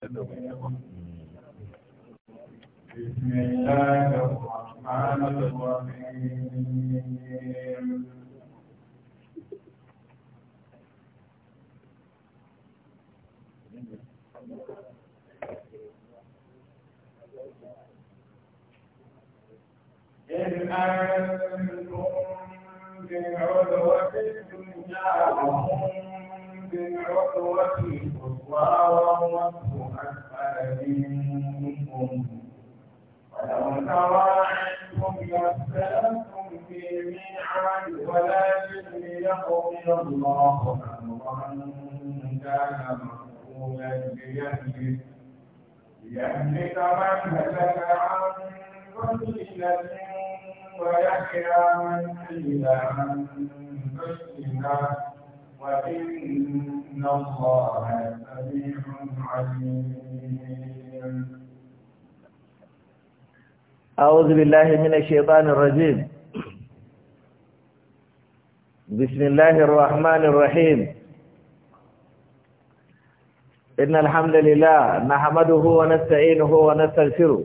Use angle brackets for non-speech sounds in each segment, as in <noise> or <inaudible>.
بسم الله الرحمن الرحيم إن أنتم بالعدوة الدنيا وهم بالعدوة القصوى والرب أسفل منكم ولو ترى عنكم لابتلتم في ميعاد ولكن ليقضي الله أمرا كان مقبولا بيده ليهلك من هلك عن بصيرة ويحيى من حي عن بصيرة وإن الله سميع عليم أعوذ بالله من الشيطان الرجيم بسم الله الرحمن الرحيم إن الحمد لله نحمده ونستعينه ونستغفره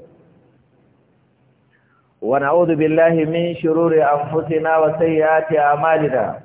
ونعوذ بالله من شرور أنفسنا وسيئات أعمالنا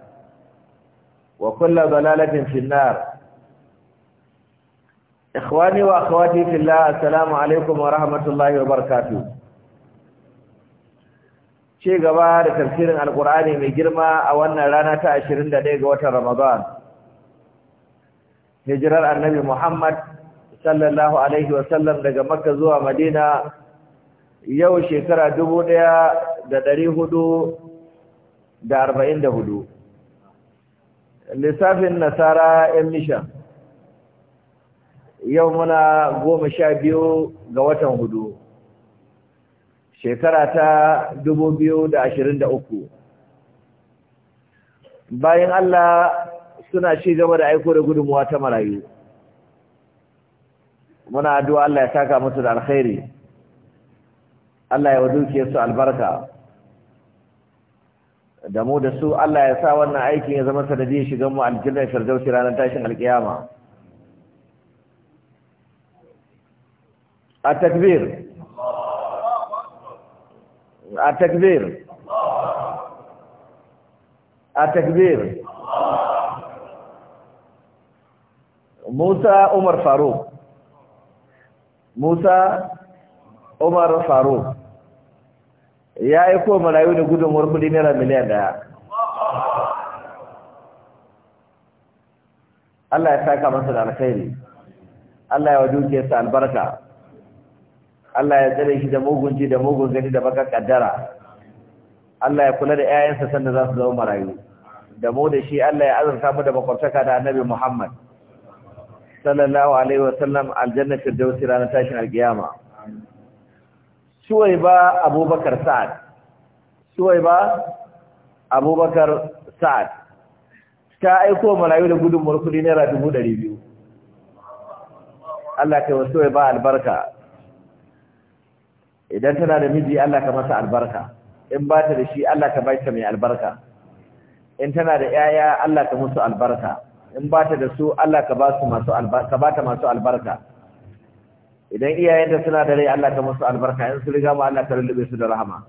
وكل ضلالة في النار إخواني وأخواتي في الله السلام عليكم ورحمة الله وبركاته ce gaba da tafsirin alqur'ani mai girma a wannan rana ta 21 ga watan ramadan Hijrar annabi muhammad sallallahu alaihi wa sallam, daga makka zuwa madina yau shekara 1444 lissafin nasara yan misha yau muna goma sha biyu ga watan hudu shekara ta dubu biyu da ashirin da uku bayan Allah suna ci gaba da aiko da gudunmuwa ta marayu muna addu'a Allah ya saka musu da alkhairi Allah ya wa dukiyarsu albarka da mu da su Allah ya sa wannan aikin ya zama ya shiga mu aljanna firdausi ranar tashin alkiyama at-takbir at-takbir at-takbir Musa Umar Faruk Musa Umar Faruk ya yi ko marayu da gudunmuwar kudi naira miliyan daya Allah ya saka masa da alkhairi Allah ya wa sa albarka Allah ya tsare shi da mugun ji, da mugun gani da baka kaddara Allah ya kula da 'ya'yansa sanda za su zama marayu da mu da shi Allah ya azurta mu da makwabtaka da Annabi Muhammad sallallahu alaihi sallam, aljanna firdausi ranar tashin alkiyama suwai abubakar sa'ad suwai abubakar sa'ad ta aiko marayu da gudun murkuli naira dubu ɗari biyu Allah ka wa ba albarka idan tana da miji Allah ka masa albarka in ba ta da shi Allah ka ba ta mai albarka in tana da yaya Allah ka musu albarka in ba ta da su Allah ka ba ta masu albarka idan iyayen iyayenta suna da rai Allah ta musu albarka in su riga ma Allah ta lullube su da rahama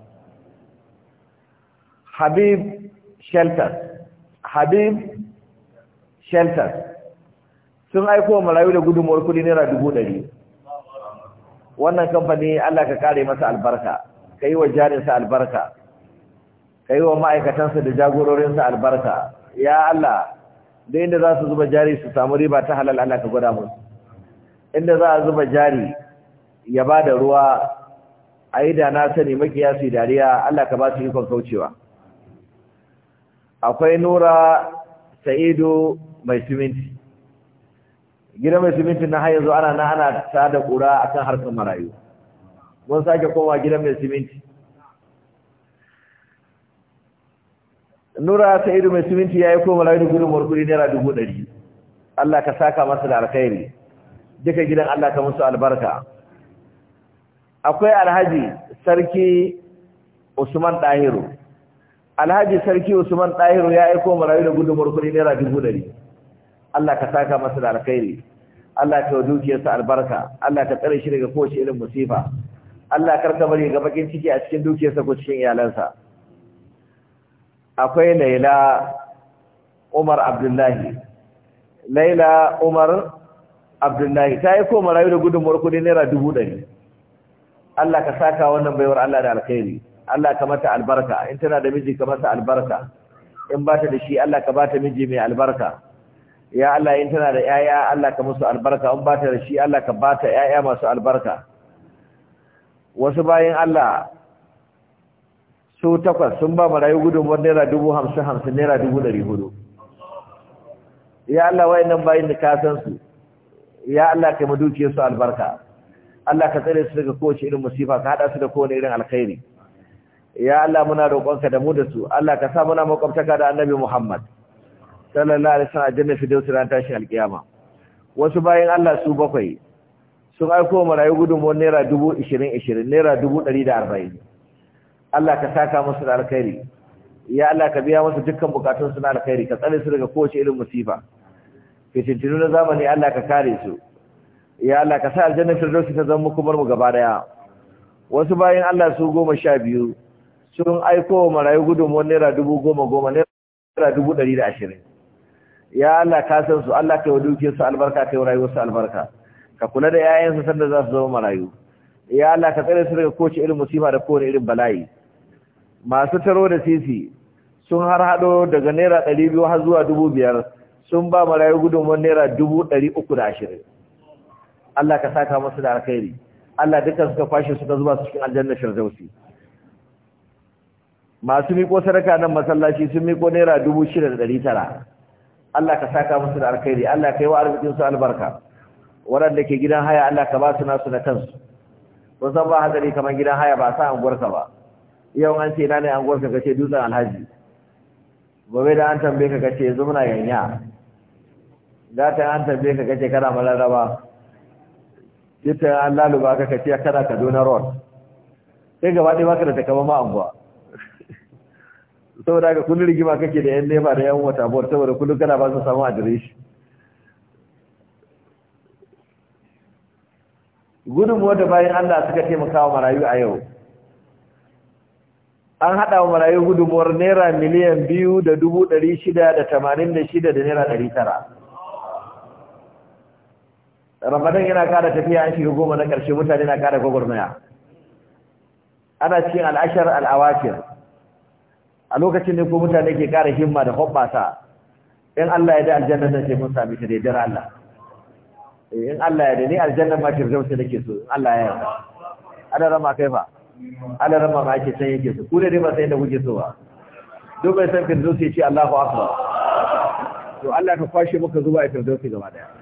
Habib Shelters Habib Shelters sun aiko marayu da gudunmuwar kudi naira dubu ɗari wannan kamfani Allah ka kare masa albarka ka yi wa jarinsa albarka ka yi wa ma'aikatansa da jagororinsa albarka ya Allah da inda za su zuba jari su samu riba ta halal Allah ka gwada musu inda za a zuba jari ya ba da ruwa a yi da na sani makiyasi su dariya Allah ka ba su ikon kaucewa akwai nura sa'idu mai siminti gidan mai siminti na hanyar zuwa ana na ana ta da kura akan harkar marayu mun sake kowa gidan mai siminti nura sa'idu mai siminti ya yi kowa marayu da gudunmuwar kudi naira dubu ɗari Allah ka saka masa da alkhairi duka gidan Allah ka musu albarka akwai alhaji sarki Usman Dahiru alhaji sarki Usman Dahiru ya aiko marayu da gudunmuwar kuɗi naira dubu ɗari Allah ka saka masa da alkhairi Allah ka dukiyarsa albarka Allah ka tsare shi daga kowace irin musifa Allah karka bari ga bakin ciki a cikin dukiyarsa ko cikin iyalansa akwai Laila Umar Abdullahi Laila Umar abdullahi ta yi koma rayu da gudunmuwar kudi naira dubu ɗari Allah ka saka wannan baiwar Allah da alkhairi Allah ka mata albarka in tana da miji ka mata albarka in ba ta da shi Allah ka ba ta miji mai albarka ya Allah in tana da yaya Allah ka musu albarka in ba ta da shi Allah ka ba ta yaya masu albarka wasu bayan Allah su takwas sun ba marayu gudunmuwar naira dubu hamsin hamsin naira dubu ɗari hudu ya Allah nan bayan da ka san su ya Allah ka ma dukiyar su albarka Allah ka tsare su daga kowace irin musifa ka hada su da kowane irin alkhairi ya Allah muna roƙonka da mu da su Allah ka sa muna makwabtaka da Annabi Muhammad sallallahu alaihi wasallam janna fi dawsi ran tashi alkiyama wasu bayan Allah su bakwai sun aiko marayu gudunmuwar naira dubu ishirin ishirin naira dubu ɗari da arba'in Allah ka saka musu da alkhairi ya Allah ka biya musu dukkan bukatunsu na alkhairi ka tsare su daga kowace irin musifa fitintinu na zamani Allah ka kare su ya Allah ka sa aljannar firdausi ta zama kumar mu gaba daya wasu bayan Allah su goma sha biyu sun aiko wa marayu gudunmuwar naira dubu goma goma naira dubu ɗari da ashirin ya Allah ka san su Allah ka yi wa dukiyarsu albarka ka yi wa rayuwarsu albarka ka kula da 'ya'yansu sanda za su zama marayu ya Allah ka tsare su daga kowace irin musifa da kowane irin bala'i masu taro da sisi sun har hado daga naira ɗari biyu har zuwa dubu biyar sun ba marayu gudunmuwar naira dubu ɗari uku da ashirin Allah ka saka masu da alkhairi Allah dukkan suka fashe suka zuba su cikin aljanna firdausi masu miko sadaka nan masallaci sun miko naira dubu shida da ɗari tara Allah ka saka musu da alkhairi Allah ka yi wa arzikin su albarka waɗanda ke gidan haya Allah ka ba su nasu na kansu ko san ba hadari kamar gidan haya ba sa anguwarka ba yau an ce na ne anguwarka ce dutsen alhaji gobe da an tambaye ka ce, yanzu muna yanya gata an tambaye ka kace kana malaraba kita an laluba ka kace kana Kaduna road sai gaba ɗaya baka da takama ma anguwa saboda ka kullun rigima kake da yan leba da yan wata bor saboda kullu kana ba su samu adireshi Gudun da bayan Allah suka taimaka wa marayu a yau an haɗa wa marayu gudunmuwar naira miliyan biyu da dubu ɗari shida da tamanin da shida da naira ɗari tara ramadan yana kara tafiya an shiga goma na ƙarshe mutane na kara gwagwarmaya ana cikin al'ashar al'awakir a lokacin ne ko mutane ke kara himma da hoɓɓasa in Allah ya da aljanna nan sai mun sami ta daidar Allah eh, in Allah ya da ni aljanna ma firdausa nake so in Allah ya yarda ana rama kai fa ana rama ma ake san yake so ku dai ba sai da kuke so ba duk mai san firdausa ya ce Allahu akbar to Allah ka kwashe muka zuwa firdausa gaba daya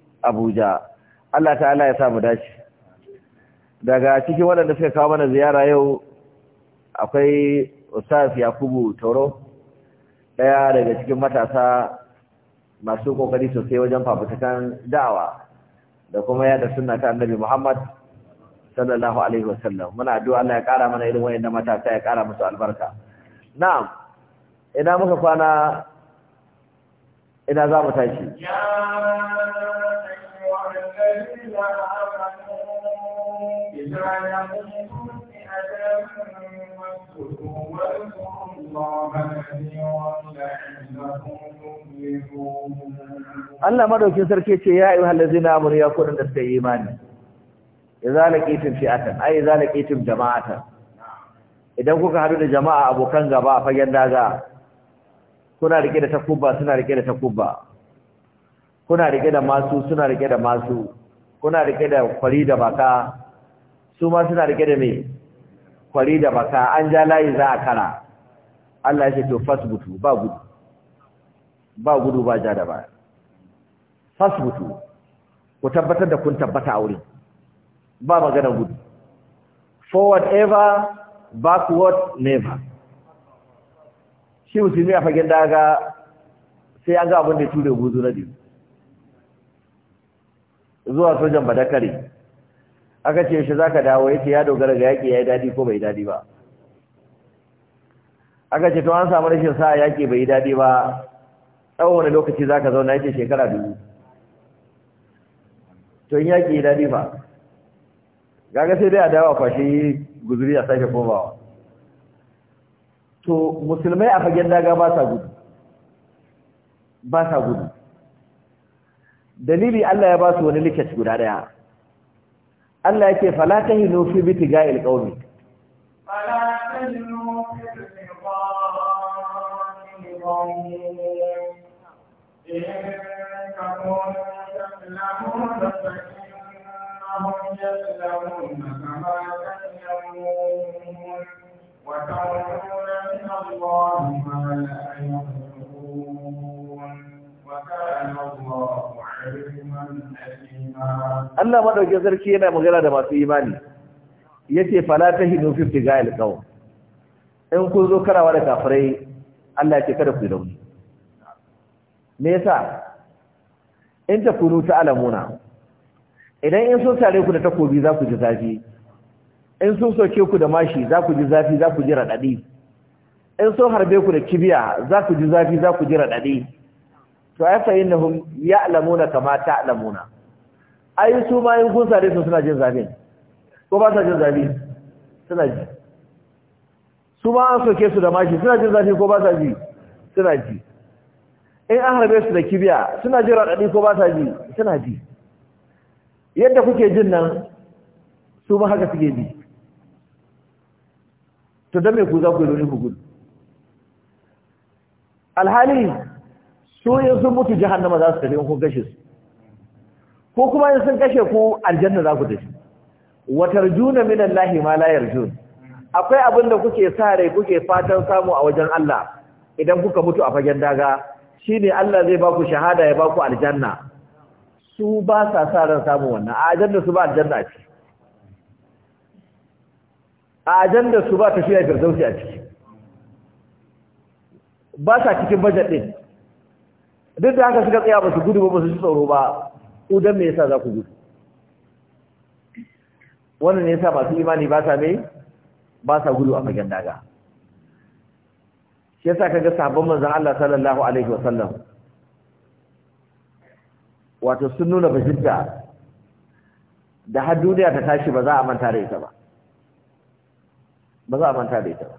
Abuja Allah ta'ala ya samu dace daga cikin waɗanda suka kawo mana ziyara yau akwai Ustaz Yakubu Toro ɗaya daga cikin matasa masu kokari sosai wajen fafutukan da'awa da kuma yada sunna ta Annabi Muhammad sallallahu alaihi wasallam muna addu'a Allah ya kara mana irin wayannan matasa ya kara musu albarka na'am ina muka kwana ina za mu tashi Allah madaukin sarki ce ya ayyuhal ladzina amanu ya kudan da suka yi imani idza laqitum fi'atan ay idza laqitum jama'atan idan kuka hadu da jama'a abokan gaba a fagen daga kuna rike da takubba suna rike da takubba kuna rike da masu suna rike da masu kuna rike da kwari da baka su ma suna rike da me kwari da baka an ja layi za a kara Allah ya ce to fasbutu ba gudu ba gudu ba ja da baya fasbutu ku tabbatar da kun tabbata a wurin ba magana gudu forward ever backward never shi musulmi a fagen daga sai an ga abin da ya ture guzu na biyu zuwa sojan badakare aka ce shi zaka dawo yace ya dogara ga yaki yayi dadi ko bai dadi ba aka ce to an samu rashin sa yaki bai dadi ba tsawon wani lokaci zaka zauna yace shekara dubu to in yaki dadi ba gaga sai dai a dawo kwashi guzuri a sake komawa to musulmai a fagen daga ba sa gudu ba sa gudu dalili Allah ya ba su wani liket guda daya Allah yake fala tahinu fi bitiga'il qaumi fala tahinu fi bitiga'il qaumi in takun lamuna fa innahum yaslamuna kama yaslamun wa ta'lamuna min Allah ma la ya'lamun Allah madaukakin sarki yana magana da masu imani yace fala hinu fi tigail qawm in kun zo karawa da kafirai Allah ya ce kada ku rauni me yasa in ta kunu ta alamuna idan in sun tare ku da takobi za ku ji zafi in sun soke ku da mashi za ku ji zafi za ku ji radadi in sun harbe ku da kibiya za ku ji zafi za ku ji radadi to ai fa innahum ya'lamuna kama ta'lamuna ai su ma in kun sare su suna jin zafin, ko ba sa jin zafi suna ji su ma an soke su da mashi suna jin zafi ko ba sa ji suna ji in an harbe su da kibiya suna jin raɗaɗi ko ba sa ji suna ji yadda kuke jin nan su ma haka suke ji to dan me ku za ku yi ku gudu alhali so yin sun mutu jahannama za su tafi in gashe su ko kuma yin sun kashe ku aljanna za ku tafi Watar juna min Allah ma la yarjun akwai abin da kuke sa rai kuke fatan samu a wajen Allah idan kuka mutu a fagen daga shine Allah zai baku shahada ya baku aljanna su ba sa sa ran samu wannan a aljanna su ba aljanna ce a aljanna su ba tafiya firdausi a ciki ba sa cikin budget din duk da haka suka tsaya ba su gudu ba su ji tsoro ba udan me yasa za ku gudu wannan ne yasa masu imani ba sa mai ba sa gudu a fagen daga shi yasa kaga sabon manzon Allah sallallahu alaihi wasallam wato sun nuna bajinta da har duniya ta tashi ba za a manta da ita ba ba za a manta da ita ba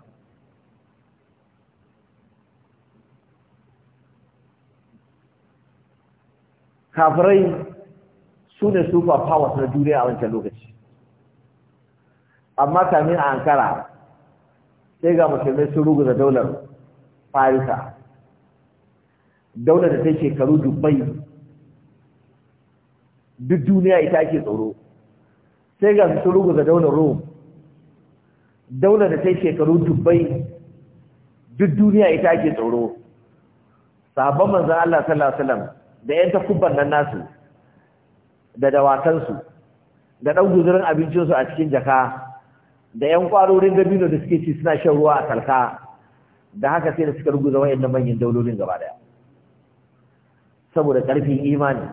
kafirai su ne super powers na duniya a wancan lokaci amma kamin a ankara sai ga musulmai sun ruguza daular farisa daular da ta shekaru dubbai duk duniya ita ake tsoro sai ga sun ruguza daular rome daular da ta shekaru dubbai duk duniya ita ake tsoro sabon manzan Allah sallallahu alaihi wasallam da yan takubban nan nasu da dawakansu da ɗan guzurin abincinsu a cikin jaka da yan kwarorin dabino da suke ci suna shan ruwa a talka da haka sai da suka ruguza wayannan manyan daulolin gaba daya saboda ƙarfin imani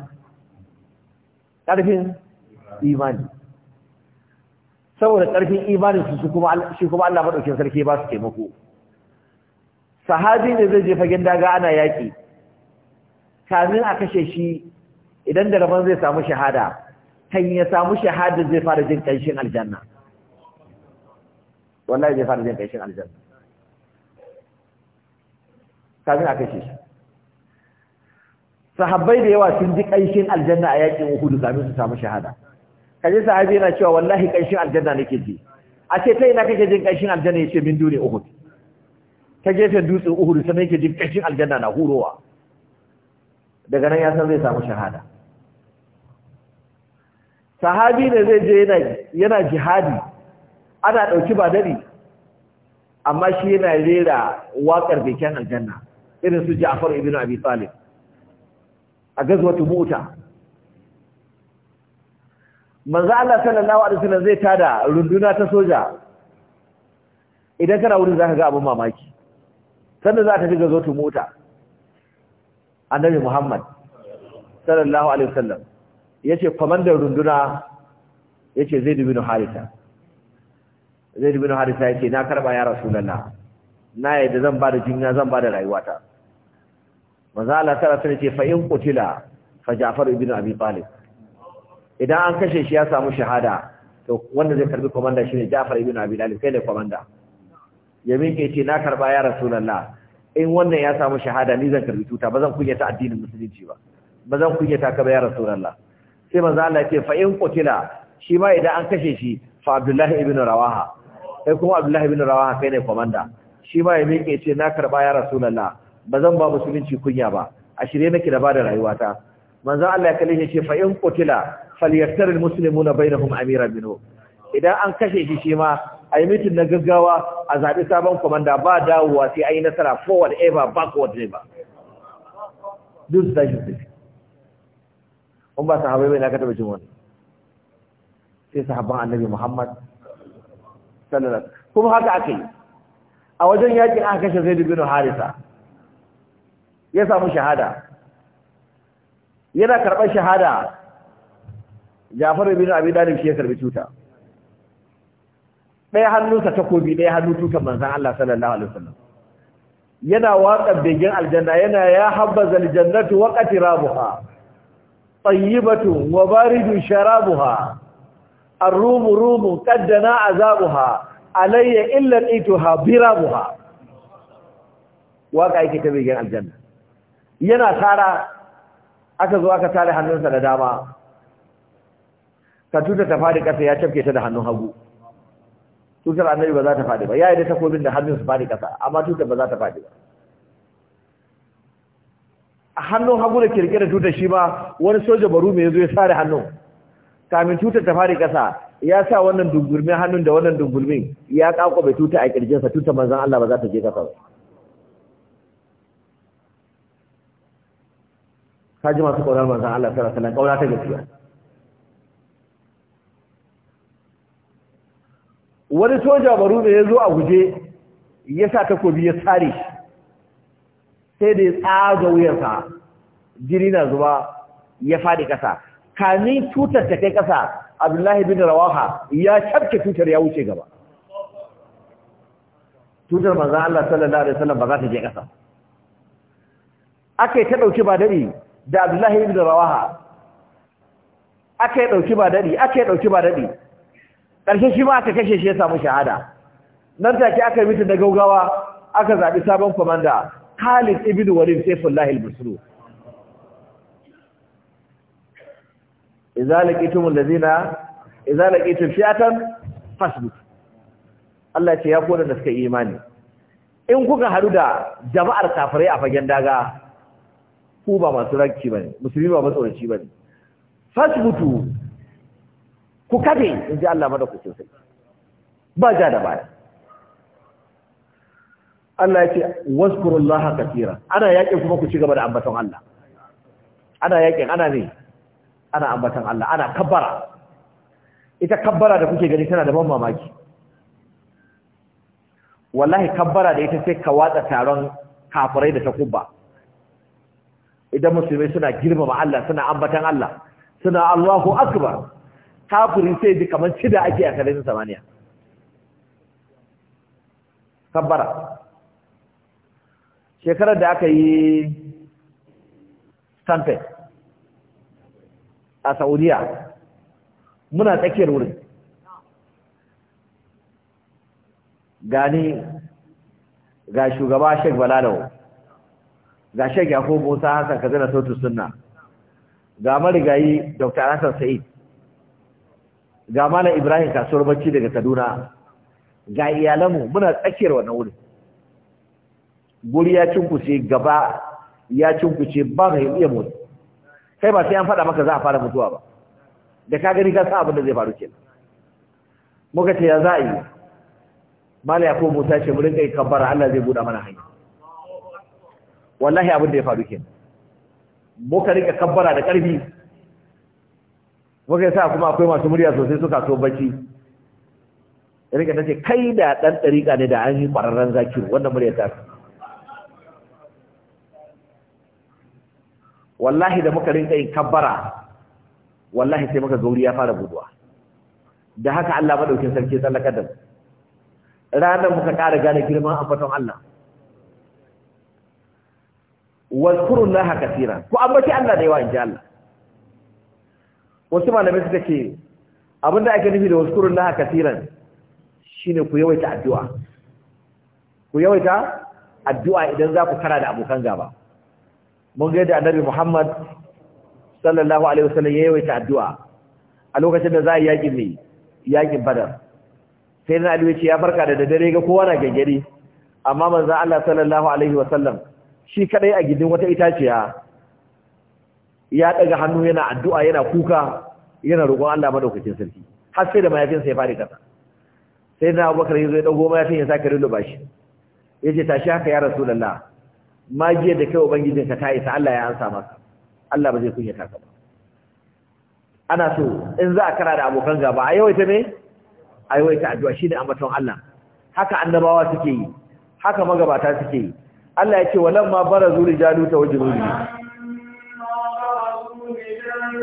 ƙarfin imani saboda ƙarfin imani su kuma shi kuma Allah madaukakin sarki ba su taimako sahabi ne zai je fagen daga ana yaki kamin a kashe shi idan da rabon zai samu shahada kan ya samu shahada zai fara jin ƙanshin aljanna wallahi zai fara jin ƙanshin aljanna kamin a kashe shi sahabbai da yawa sun ji ƙanshin aljanna a yakin Uhud kamin su samu shahada kaje sahabi yana cewa wallahi ƙanshin aljanna nake ji a ce ta ina kake jin ƙanshin aljanna ya ce min dure Uhud ta gefen dutsen uhudu sannan yake jin ƙanshin aljanna na hurowa daga nan ya san zai samu shahada sahabi ne zai je yana jihadi ana ɗauki ba dare amma shi yana rera waƙar bikin aljanna irin su Ja'far ibn Abi Talib a gazwatu Mu'ta manzo Allah sallallahu alaihi wasallam zai tada runduna ta soja idan kana wurin zaka ga abun mamaki sannan za ta ji gazwatu Mu'ta annabi Muhammad sallallahu alaihi wasallam yace komandan runduna yace Zaid bin Haritha Zaid bin Haritha yace na karba ya Rasulullah na yadda zan bada jinya zan bada rayuwata Maza Allah sallallahu alaihi yace fa in qutila fa Ja'far ibn Abi Talib idan an kashe shi ya samu shahada to wanda zai karbi komanda shine Ja'far ibn Abi Talib kai ne komanda yamin ke ce na karba ya Rasulullah in wannan ya samu shahada ni zan karbi tuta ba zan kunyata addinin musulunci ba ba zan kunyata ka ba ya rasulullah sai manzo Allah ce fa in qutila shi ma idan an kashe shi fa abdullahi ibnu rawaha kai kuma abdullahi ibnu rawaha kai ne komanda shi ma ya yake ce na karba ya rasulullah ba zan ba musulunci kunya ba a shirye nake da bada rayuwata manzo Allah ya kalle shi ce fa in qutila falyaktar almuslimuna bainahum amiran minhu idan an kashe shi shi ma a yi mitin na gaggawa a zaɓi sabon kwamanda ba dawowa sai a yi nasara forward ever backward never duk su tashi su in ba sahabai bai na kata bacin wani sai sahabban annabi muhammad sallallahu kuma haka ake yi a wajen yakin aka kashe zai dubinu harisa ya samu shahada yana karɓar shahada jafar bin abi dalib shi ya karɓi cuta ɗaya hannunsa takobi ɗaya hannu tukan manzan Allah sallallahu alaihi wasallam yana waƙar begen aljanna yana ya habbaza aljannatu wa qatirabuha tayyibatu wa baridu sharabuha الروم روم قد دنا عذابها علي إلا لقيتها برابها واقع yake ta begen aljanna yana tara aka zo aka tare hannunsa da dama ka tuta ta fadi kasa ya cafke ta da hannun hagu tutar annabi ba za ta faɗi ba ya yi da takobin da hannun su faɗi ƙasa amma tutar ba za ta faɗi ba a hannun hagu da kirkira tutar shi ba wani soja baru mai zo ya sare hannun kamin tutar ta faɗi ƙasa ya sa wannan dungulmin hannun da wannan dungulmin ya kako bai tuta a kirjinsa tutar manzan Allah ba za ta je kasa ba kaji masu kaunar manzan Allah sallallahu alaihi wasallam kauna ta gaskiya wani soja baru da ya zo a guje ya sa takobi ya tsari, sai da ya tsaga wuyarsa jini na zuba ya faɗi ƙasa kamin tutar ta kai ƙasa abdullahi bin rawaha ya cafke tutar ya wuce gaba tutar manzan Allah sallallahu alaihi wasallam ba za ta je ƙasa aka yi ta ɗauki ba daɗi da abdullahi bin rawaha aka yi ɗauki ba daɗi aka yi ɗauki ba daɗi ƙarshe shi ma aka kashe shi ya samu shahada nan take aka yi mutum da gaugawa aka zaɓi sabon kwamanda Khalid ibn Walid Saifullah al-Busru idza laqitum allazina idza fi'atan fasbut Allah ce ya kona da suka yi imani in kuka haɗu da jama'ar kafirai a fagen daga ku ba masu rakki bane musulmi ba matsoraci bane fasbutu ku kafe in ji Allah madaukakin sai ba ja da baya Allah ya ce wazkurullaha katira ana yakin kuma ku ci gaba da ambaton Allah ana yakin ana ne ana ambaton Allah ana kabbara ita kabbara da kuke gani tana da ban mamaki wallahi kabbara da ita sai ka watsa taron kafirai da takubba idan musulmai suna girmama Allah suna ambatan Allah suna Allahu akbar kafirin sai ji kamar cida ake a sararin samaniya kabbara shekarar da aka yi stanford a saudiya muna tsakiyar wurin gani ga shugaba shek balalawo ga shek yakubu musa hassan kazina sautu sunna ga marigayi dr hassan sa'id ga malam Ibrahim kasuwar bacci daga Kaduna ga iyalanmu muna tsakiyar wannan wurin guri ya cinkuce gaba ya cinkuce ba ga iya mutu kai ba sai an faɗa maka za a fara mutuwa ba da ka gani ka san abin da zai faru kenan muka ce ya za a yi mala ya kuma musa ce murin kai kabbara Allah zai buɗa mana hanya wallahi abin da ya faru kenan muka rika kabbara da ƙarfi muka sa kuma akwai masu murya sosai suka so bacci rika ta ce kai da ɗan ɗariƙa ne da an yi ƙwararren zaki wannan murya ta wallahi da muka rinka yin kabbara wallahi sai muka gauri ya fara buduwa da haka Allah madaukin sarki tsallakar da ranar muka ƙara gane girman ambaton Allah haka tsira ku ambaci Allah da yawa in ji Allah wasu malamai suka ce abinda ake nufi da wasu waskurun laha kasiran shine ku yawaita addu'a ku yawaita addu'a idan za ku kara da abokan gaba mun ga da annabi Muhammad sallallahu alaihi wasallam ya yawaita addu'a a lokacin da za a yaƙi mai yaƙin badar sai na aliyu ce ya farka da dare ga kowa na gangare amma manzan Allah sallallahu alaihi wasallam shi kadai a gidin wata itaciya ya ɗaga hannu yana addu'a yana kuka yana roƙon Allah madaukakin sarki har sai da mayafinsa ya fadi kasa sai na Abubakar yazo ya dago mayafin ya saka bashi. shi ce tashi haka ya Rasulullah magiyar da kai ubangijin ka ta isa Allah ya ansa maka Allah ba zai kunya ka ba ana so in za a kara da abokan gaba a yawaita ne? a yawaita addu'a shine matan Allah haka annabawa suke yi haka magabata suke yi Allah ya ce walamma barazu rijalu tawajjuhu Allah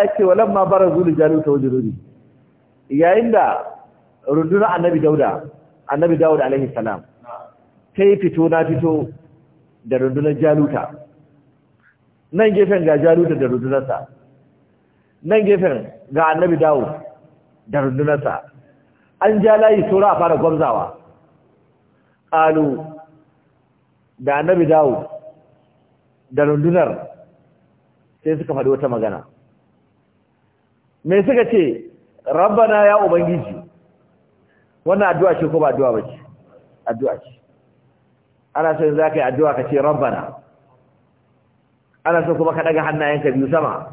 ya ce wa lamma bara ta wajen yayin da rundunar annabi dauda, annabi dauda alaihi salam, ta yi fito na fito da rundunar jaluta nan gefen ga jaluta da rundunarsa nan gefen ga annabi dawo da rundunarsa an ja layi saura a fara gwamzawa ƙalu da annabi dawo da rundunar sai suka faɗi wata magana me suka ce rabbana ya ubangiji wannan addu'a ce ko ba addu'a ba ce addu'a ce ana son za ka yi addu'a ka ce rabbana ana son kuma ka ɗaga hannayenka biyu sama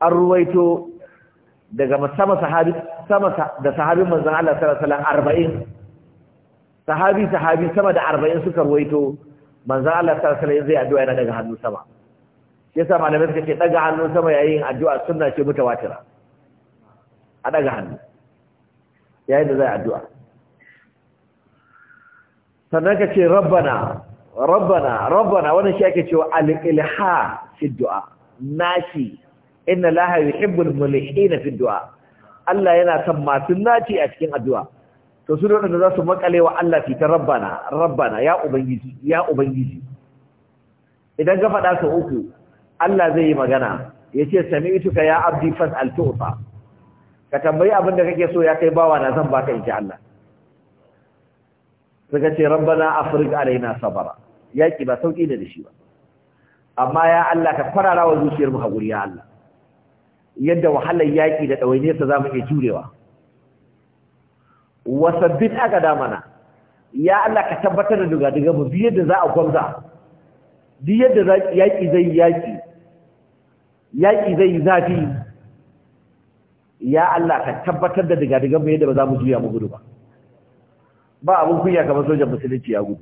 an ruwaito daga sama sahabi sama da sahabin manzon Allah sallallahu alaihi wasallam 40 sahabi sahabi sama da 40 suka ruwaito manzon Allah sallallahu alaihi wasallam zai addu'a yana daga hannu sama sama malamai suka ce daga hannun sama yayin addu'a sunna ce mutawatira a daga hannu yayin da zai addu'a sannan ka ce rabbana rabbana rabbana wani shi ake cewa al-ilha fi du'a naci inna laha yuhibbul mulhina fi du'a Allah yana son masu naci a cikin addu'a to su da za su makale wa Allah fi ta rabbana rabbana ya ubangiji ya ubangiji idan ka faɗa ka uku Allah zai yi magana ya ce sami'tuka ya abdi fas'al tu'ta ka tambayi abin da kake so ya kai bawa na zan baka insha Allah suka ce rabbana afrik alaina sabara yaki ba sauki da shi ba amma ya Allah ka farara wa zuciyar mu hakuri ya Allah yadda wahalar yaki da za zamu iya jurewa sabbit aka mana ya Allah ka tabbatar da duga daga mu biyar da za a gwamza duk yadda yaki zai yaki yaki zai zafi ya Allah ka tabbatar da duga daga mu yadda ba za mu juya mu gudu ba ba abin kunya kamar sojan musulunci ya gudu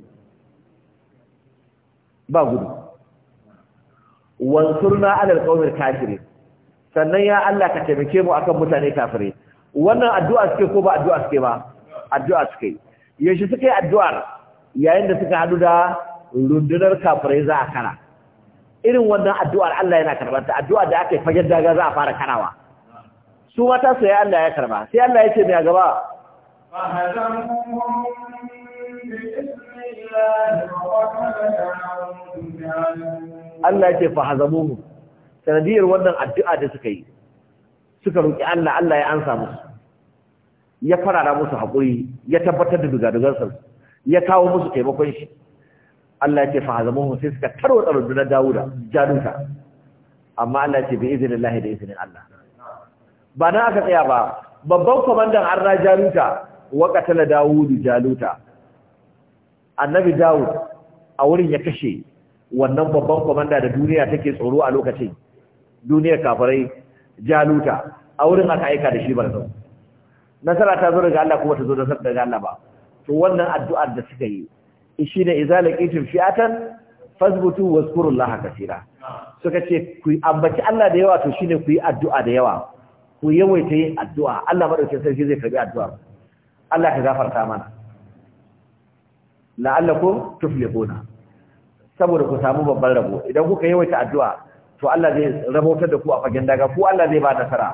ba gudu wansurna alal qaumil kafirin sannan ya Allah ka taimake mu akan mutane kafire wannan addu'a suke ko ba addu'a suke ba addu'a suke yaushe suke addu'ar yayin da suka hadu da rundunar kafire za a kara irin wannan addu'ar Allah yana karbanta ta addu'a da aka yi fagen daga za a fara karawa su mata su ya Allah ya karba sai Allah ya ce mai gaba فهزمهم بإذن الله وقتل Allah ya ce Hazamuhu sanadiyar wannan addu'a da suka yi suka roki Allah Allah ya ansa musu ya farara musu haƙuri ya tabbatar da dugadugansa ya kawo musu taimakon shi Allah ya ce Hazamuhu sai suka tarwa tarwata na Dawuda jaruta amma Allah ya ce bi izinin Allah da izinin Allah ba na aka tsaya ba babban kwamandan arna jaruta wa qatala dawudu jaluta annabi dawud a wurin ya kashe wannan babban komanda da duniya take tsoro a lokacin duniyar kafirai jaluta a wurin aka aika da shi barzan nasara ta zo daga Allah kuma ta zo da sarka daga Allah ba to wannan addu'ar da suka yi shine idza laqitum fi'atan fasbutu wazkurullaha kaseera suka ce ku ambaci Allah da yawa to shine ku yi addu'a da yawa ku yawaita yin addu'a Allah madaukakin sarki zai karbi addu'ar Allah ka gafarta mana la'allakum tuflihuna saboda ku samu babban rabo idan kuka yawaita addu'a to Allah zai rabotar da ku a fagen daga ku Allah zai ba sara.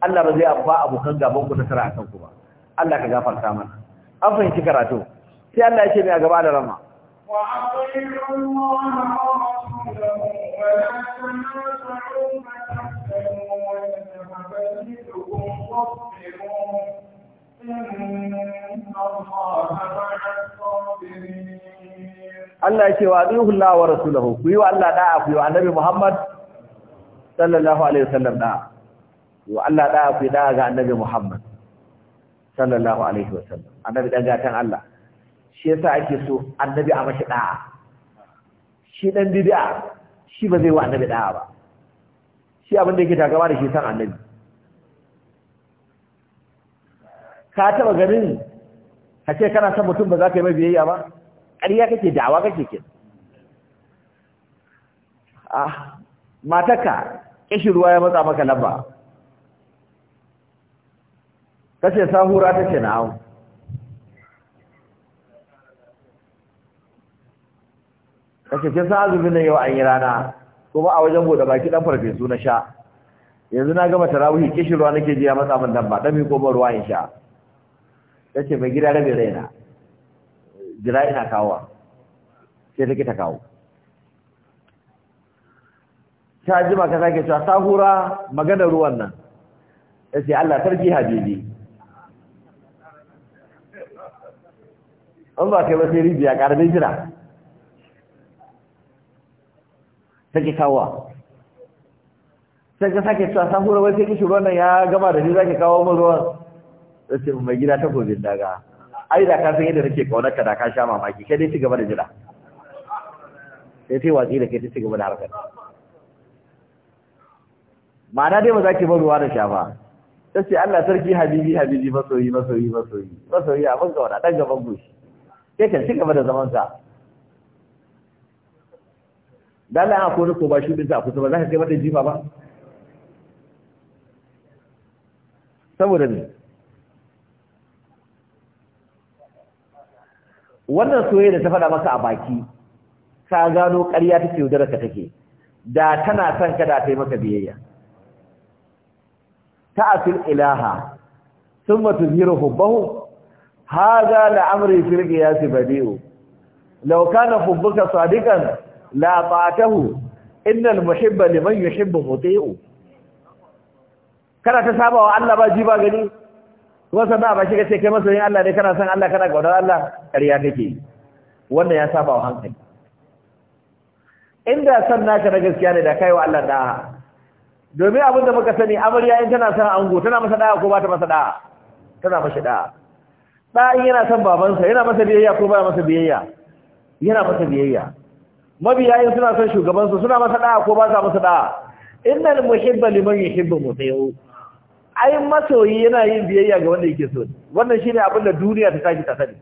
Allah ba zai ba abokan gaban ku ta sara akan ku ba Allah ka gafarta mana an fahimci karatu sai Allah ya ce mai a gaba da rama Thank you. Allah ce wa atihu Allah wa rasuluhu. ku yi wa Allah da'a ku yi wa Annabi Muhammad sallallahu alaihi wasallam da'a yi wa Allah da'a ku yi da'a ga Annabi Muhammad sallallahu alaihi wasallam Annabi dan gatan Allah shi yasa ake so Annabi a mashi da'a shi dan bid'a shi ba zai wa Annabi da'a ba shi abin da yake takama da shi san Annabi ka taba garin ka ce kana san mutum ba za ka yi mai biyayya ba ƙarya kake da'awa kake ke ah mataka kishi ruwa ya matsa maka lamba kace sahura tace na'am kace kin san azumin nan yau an yi rana kuma a wajen bude baki dan farfesu na sha yanzu na gama tarawih kishi ruwa nake jiya matsa min lamba dan mi ko ruwa in sha ta ce mai gida rabin raina jira ina kawo sai ta kita kawo ta jima ka sake cewa sahura magana ruwan nan ta ce Allah sarki habibi an ba kai ba sai rijiya karamin jira ta ke kawo sai ka sake cewa sahura wai sai kishi ruwan nan ya gama da ni za ki kawo mu ruwan sai mai gida ta gobin daga ai da ka san yadda nake kaunar ka da ka sha mamaki kai dai ci gaba da jira sai sai watsi da kai ta ci gaba da harkar ma'ana dai ba za ki bar ruwa da sha ba ta ce Allah sarki habibi habibi masoyi masoyi masoyi masoyi a banka da dan gaban goshi sai kan ci gaba da zaman sa dan Allah ko ko ba shi din ta kusa ba za ka kai mata jifa ba saboda ne wannan soyayya da ta faɗa maka a baki ka gano ƙarya take ka take da tana son ka da ta yi maka biyayya ta'atul ilaha thumma tuzhiru hubbahu hadha la'amri fil qiyas badi'u law kana hubbuka sadiqan la ta'atahu innal muhibba liman yuhibbu muti'u kana ta saba Allah ba ji ba gani Kuma sanda ba shi ka ce kai masoyin Allah ne kana son Allah kana gaudar Allah ƙarya kake wannan ya saba wa hankali inda san naka na gaskiya ne da kai wa Allah da'a domin abin da muka sani amarya in tana son ango tana masa da'a ko ba ta masa da'a tana masa da'a da in yana son babansa yana masa biyayya ko ba masa biyayya yana masa biyayya mabiyayin suna son shugabansu suna masa da'a ko ba sa masa da'a innal muhibba liman yuhibbu mutayyu ai masoyi yana yin biyayya ga wanda yake so wannan shine abin da duniya ta saki ta sani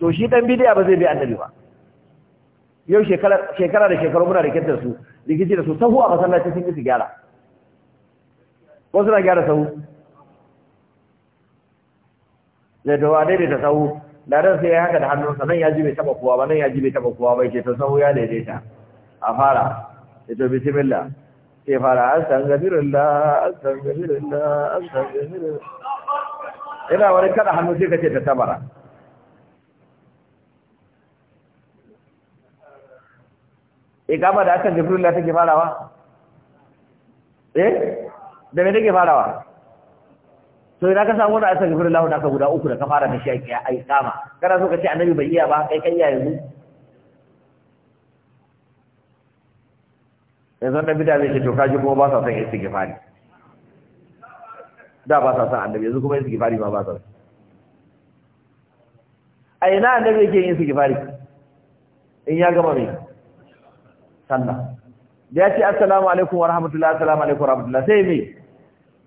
to shi dan bidiya ba zai bi annabi ba yau shekara shekara da shekaru muna rikitar su rikici da su sahu a masallaci sun yi gyara ko suna gyara sahu da dawa dai da sahu da ran sai ya haka da hannunsa nan ya ji bai taba kowa ba nan ya ji bai taba kowa ba ke ta sahu ya daidaita a fara to bismillah ke fara da da astaghfirullah astaghfirullah ina wani kada hannu sai kace ta tabara igama da da take farawa eh da me take farawa to idan ka samu da astaghfirullah da ka guda uku da ka fara da shi a kama kana so ka ce annabi bai iya ba kai kan yayin yanzu yanzu da bida zai ce to kaji kuma ba sa son istighfari da ba sa san annabi yanzu kuma istighfari ma ba sa san a ina annabi yake yin istighfari in ya gama mai sallah da ya ce assalamu alaikum wa rahmatullahi assalamu alaikum wa rahmatullahi sai mai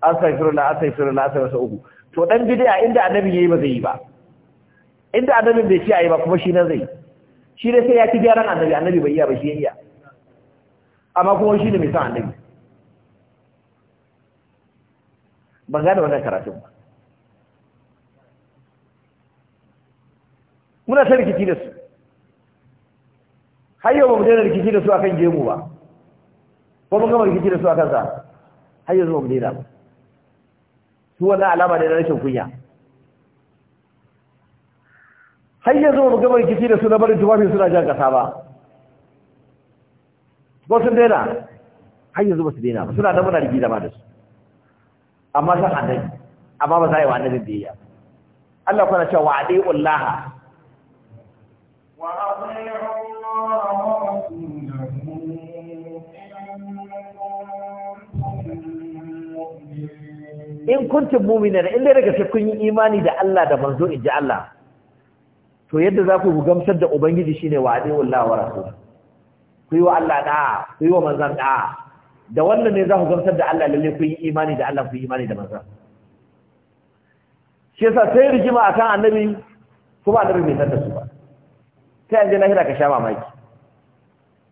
astaghfirullah astaghfirullah wasu uku to dan bid'a inda annabi yayi ba zai yi ba inda annabi bai ce ayi ba kuma shi nan zai shi dai sai ya ci gyaran annabi annabi bai yi ba shi ya amma kuma shi ne mai san annabi ban gane wannan karatun ba muna ta rikici da su har yau ba mu daina rikici da su akan gemu ba ko mun gama rikici da su akan sa har yanzu ba mu daina ba su wannan alama ne na rashin kunya har yanzu ba mu gama rikici da su na barin tufafin suna jan kasa ba ba sun daina hanyar yanzu su daina ba suna da muna rigi zama da su amma sun annabi amma ba za a yi wa annabin biyayya Allah kuna cewa wa'adai ullaha wa in kuntum mu'mina in dai daga kun yi imani da Allah da manzo inji Allah to yadda za ku gamsar da ubangiji shine wa adai ullaha wa rasul su yi wa Allah da su yi wa manzan da da wannan ne za ku gamsar da Allah lalle ku yi imani da Allah ku yi imani da manzan shi yasa sai rigima a kan annabi kuma annabi bai san da su ba sai an je lahira ka sha mamaki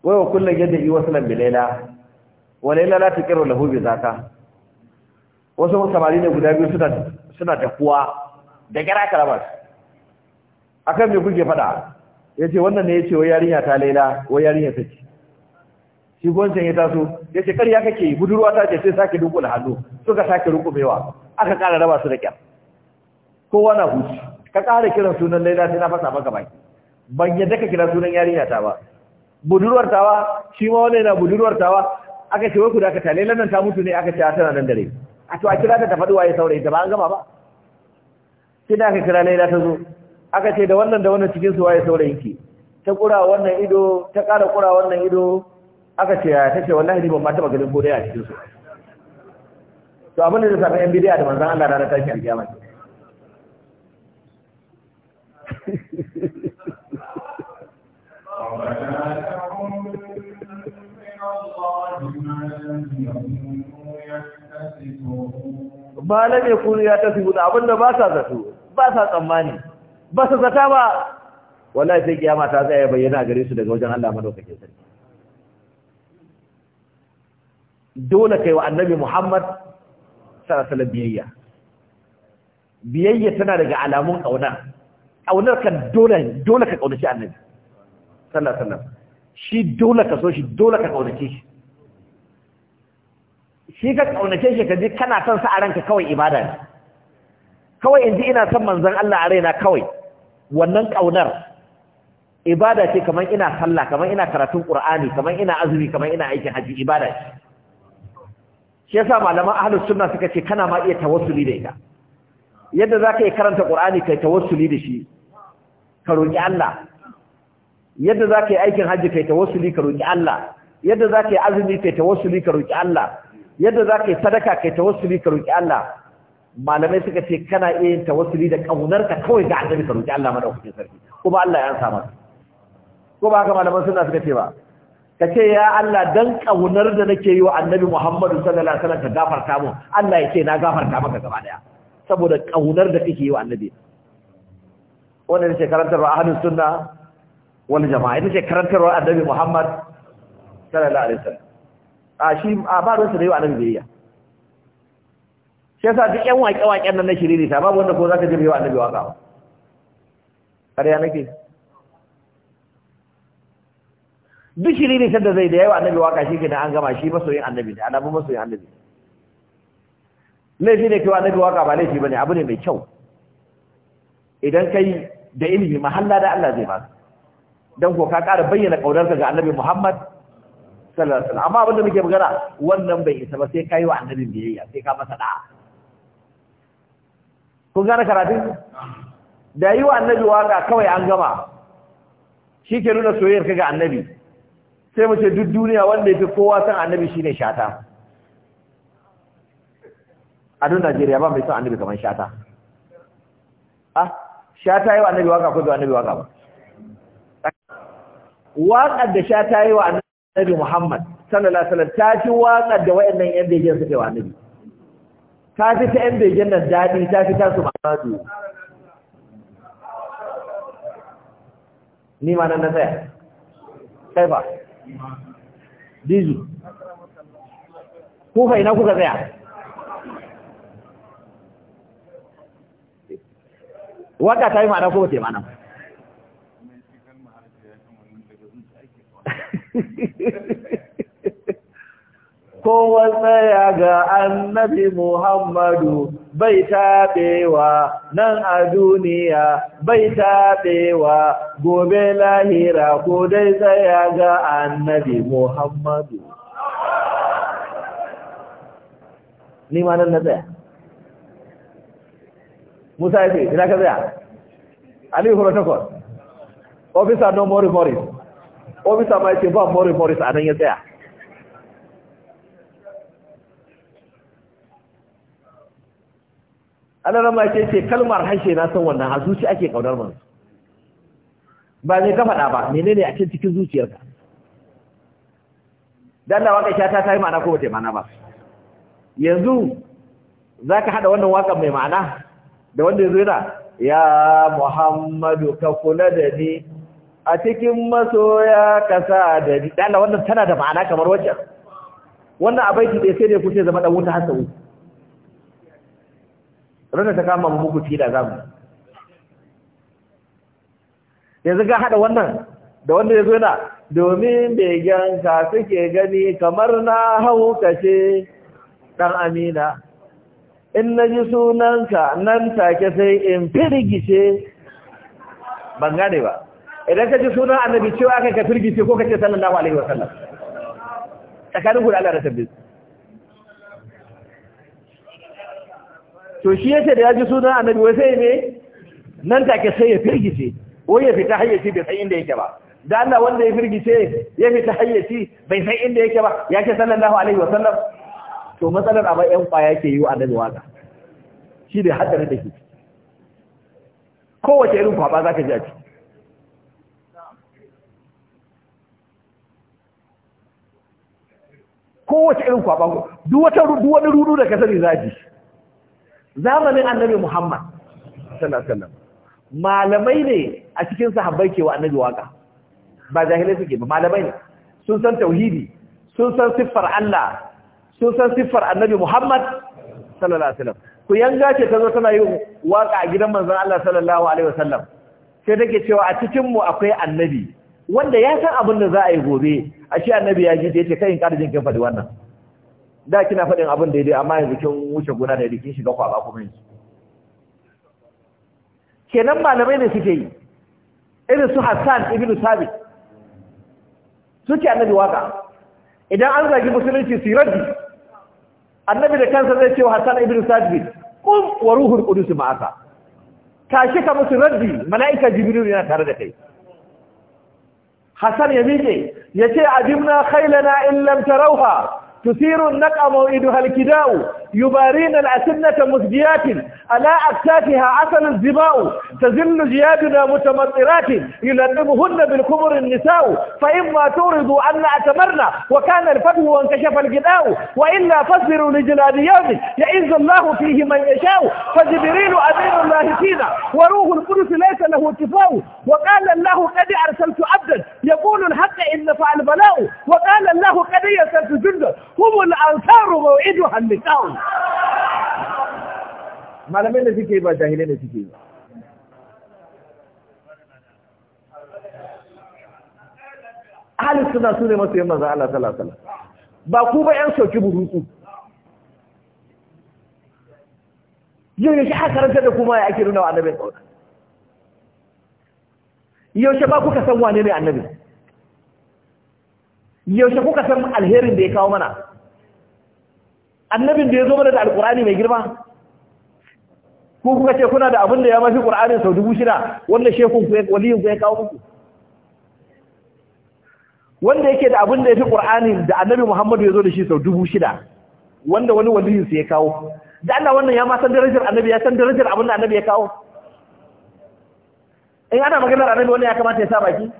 wai wa kullun yadda yi wasu nan Laila. wa laila la tuqiru lahu bi zaka wasu samari ne guda biyu suna suna tafuwa da gara karamar. akan me kuke fada yace wannan ne yace wai yarinya ta laila wai yarinya take shi ya taso ya ce ya kake budurwa ta ce sai sake dukkan hannu suka sake rukumewa aka ƙara raba su da kyar kowa na huci ka ƙara kiran sunan laila sai na fasa maka baki ban yadda ka kira sunan yarinya ta ba budurwar tawa shi ma wani yana budurwar tawa aka ce wai ku da aka tale nan ta mutu ne aka ce tana nan dare a to a kira ta ta faɗi waye saurayi ta ba an gama ba sai da aka kira laila ta zo aka ce da wannan da wannan cikin su waye saurayin ki ta kura wannan ido ta kara kura wannan ido aka ce ya tace wallahi ni ban ma taba ganin godiya a cikin su to abin da zai sami yan bidiya da manzon Allah ranar tashi alkiyama ba na ne kunu ya tafi hudu abinda ba sa zato ba sa tsammani ba sa zata ba wallahi sai kiyama ta zai bayyana gare su daga wajen Allah madaukakin sarki dole kai wa annabi Muhammad sallallahu alaihi biyayya biyayya tana daga alamun kauna kaunar kan dole dole ka kaunaci annabi sallallahu alaihi wasallam shi dole ka so shi dole ka kaunace shi shi ka kaunace shi ka ji kana son sa ranka kawai ibada ne kawai in ji ina son manzon Allah a raina kawai wannan kaunar ibada ce kamar ina sallah kamar ina karatun qur'ani kamar ina azumi kamar ina aikin haji ibada ce shi yasa malaman ahlus sunna suka ce kana ma iya tawassuli da ita yadda zaka yi karanta qur'ani kai tawassuli da shi ka roki Allah yadda zaka yi aikin haji kai tawassuli ka roki Allah yadda zaka yi azumi kai tawassuli ka roki Allah yadda zaka yi sadaka kai tawassuli ka roki Allah malamai suka ce kana iya yin tawassuli da kaunarka kawai ga annabi ka roki Allah madaukakin sarki kuma Allah ya ansa maka ko ba haka malaman sunna suka ce ba ka ce ya Allah dan kaunar da nake yi wa annabi Muhammadu sallallahu alaihi wasallam ka gafarta mu Allah ya ce na gafarta maka gaba daya saboda kaunar da kake yi wa annabi wannan ce karantarwa ahlus sunna wal jama'a ita ce karantarwa annabi Muhammad sallallahu alaihi wasallam a shi a ba ruwa da yi wa annabi biyayya shi yasa duk yan waƙe-waƙen nan na shiriri ta babu wanda ko zaka je yi wa annabi waƙa ba ya nake duk shiri ne sanda zai da yawa annabi waka shi ke an gama shi masoyin annabi ne annabi masoyin annabi laifi ne kewa annabi waka ba laifi ba ne abu ne mai kyau idan kai da ilimi mahalla da Allah zai ba su. dan ko ka ƙara bayyana kaunarka ga annabi Muhammad sallallahu alaihi wasallam amma abin da muke magana wannan bai isa ba sai yi wa annabi biyayya sai ka masa da'a kun gane karatun da yi wa annabi waka kawai an gama shi ke nuna soyayyar ka ga annabi sai mu ce duk duniya wanda ya fi kowa san annabi shine shata a duk Najeriya ba mai son annabi kamar shata ah shata yi wa annabi waka ko zuwa annabi waka ba waƙar da shata yi wa annabi Muhammad sallallahu alaihi wasallam ta fi waƙar da wayannan yan begen suke wa annabi ta fi ta yan begen nan daɗi ta fi ta su mamadu ni ma nan na tsaya kai ba dizu kufa ina kuka tsaya waka ta yi ma'ana kuka ta yi ma'ana <laughs> kowa tsaya ga annabi Muhammadu bai taɓewa nan a duniya bai taɓewa gobe lahira ko dai tsaya ga annabi Muhammadu. Ni ma nan na tsaya. Musa ya ce, ina ka tsaya? Aliyu kuma takwas. Ofisa no mori Morris. Ofisa ma ce ba mori Morris a nan ya tsaya. ana rama ce ce kalmar harshe na san wannan a zuci ake kaunar man ba ne ka faɗa ba menene a cikin zuciyarka dan da waka sha ta yi ma'ana ko bata yi ma'ana ba yanzu zaka hada wannan wakan mai ma'ana da wanda yanzu yana ya Muhammadu ka kula da ni a cikin masoya ka sa da ni dan da wannan tana da ma'ana kamar wacce wannan abaiti dai sai dai kuce zama dan wuta hasabu rana ta kama muku fi da zamu yanzu ga hada wannan da wanda ya zo yana domin begen ka suke gani kamar na hau kace dan amina in na ji sunanka nan take sai in firgice ban gane ba idan ka ji sunan annabi cewa aka ka firgice ko kace sallallahu alaihi wasallam tsakanin guda Allah da tabbata to shi yace da ya sunan annabi wai sai me nan take sai ya firgice wai ya fita hayyaci bai san inda yake ba da Allah wanda ya firgice ya fita hayyaci bai san inda yake ba ya sallallahu alaihi wa sallam to matsalar a yan kwaya ke yi wa annabi waka shi da hadarin da ke kowace irin kwaba zaka ji a ciki kowace irin kwaba duk wata duk wani rudu da kasari zaji zamanin annabi Muhammad sallallahu alaihi wasallam malamai ne a cikin sahabbai ke wa annabi waka ba jahilai suke ba malamai ne sun san tauhidi sun san siffar Allah sun san siffar annabi Muhammad sallallahu alaihi wasallam ku yanga ce tazo tana yin waka a gidan manzon Allah sallallahu alaihi wasallam sai take cewa a cikin mu akwai annabi wanda ya san abin da za a yi gobe a shi annabi ya ji da yace kai in ƙara jin kin faɗi wannan da kina faɗin abin daidai amma yanzu kin wuce gona da kin shiga kwaba kuma yanzu kenan malamai ne suke yi irin su Hassan ibn Sabit suke annabi waka idan an zagi musulunci su raddi annabi da kansa zai ce wa Hassan ibn Sabit kun wa ruhul qudus ma'aka tashi ka musu raddi mala'ika jibril yana tare da kai Hassan ya miƙe ya ce ajimna khailana illam lam tarawha tusirun naqama idu halkidau يبارين الأسنة مزجيات على أكتافها عسل الزباء تزل جيادنا متمطرات يلنبهن بالكبر النساء فإما تورضوا أن أتمرنا وكان الفتو وانكشف الجداء وإلا فاصبروا لجلال يوم يعز الله فيه من يشاء فجبريل أمير الله فينا وروح القدس ليس له اتفاء وقال الله قد أرسلت عبدا يقول الحق إن فعل بلاء وقال الله قد يسلت جلد هم الأنصار موعدها النساء malamai da suke ba jahilai da suke ba ahalin suna su ne masu yin maza ala salasala ba ku ba ‘yan sauki buruku yau yaushe haka karanta da kuma ya ake nuna wa annabin ƙauna yaushe ba kuka san wane ne annabin yaushe kuka san alherin da ya kawo mana annabin da ya zo mana da alkur'ani mai girma ko kuka ce kuna da abin da ya mafi ƙur'anin sau dubu shida wanda shekun ku waliyin ku ya kawo muku wanda yake da abin da ya fi ƙur'anin da annabi muhammadu ya zo da shi sau dubu shida wanda wani waliyin su ya kawo da Allah wannan ya ma san darajar annabi ya san darajar abin da annabi ya kawo in ana maganar annabi wannan ya kamata ya sa baki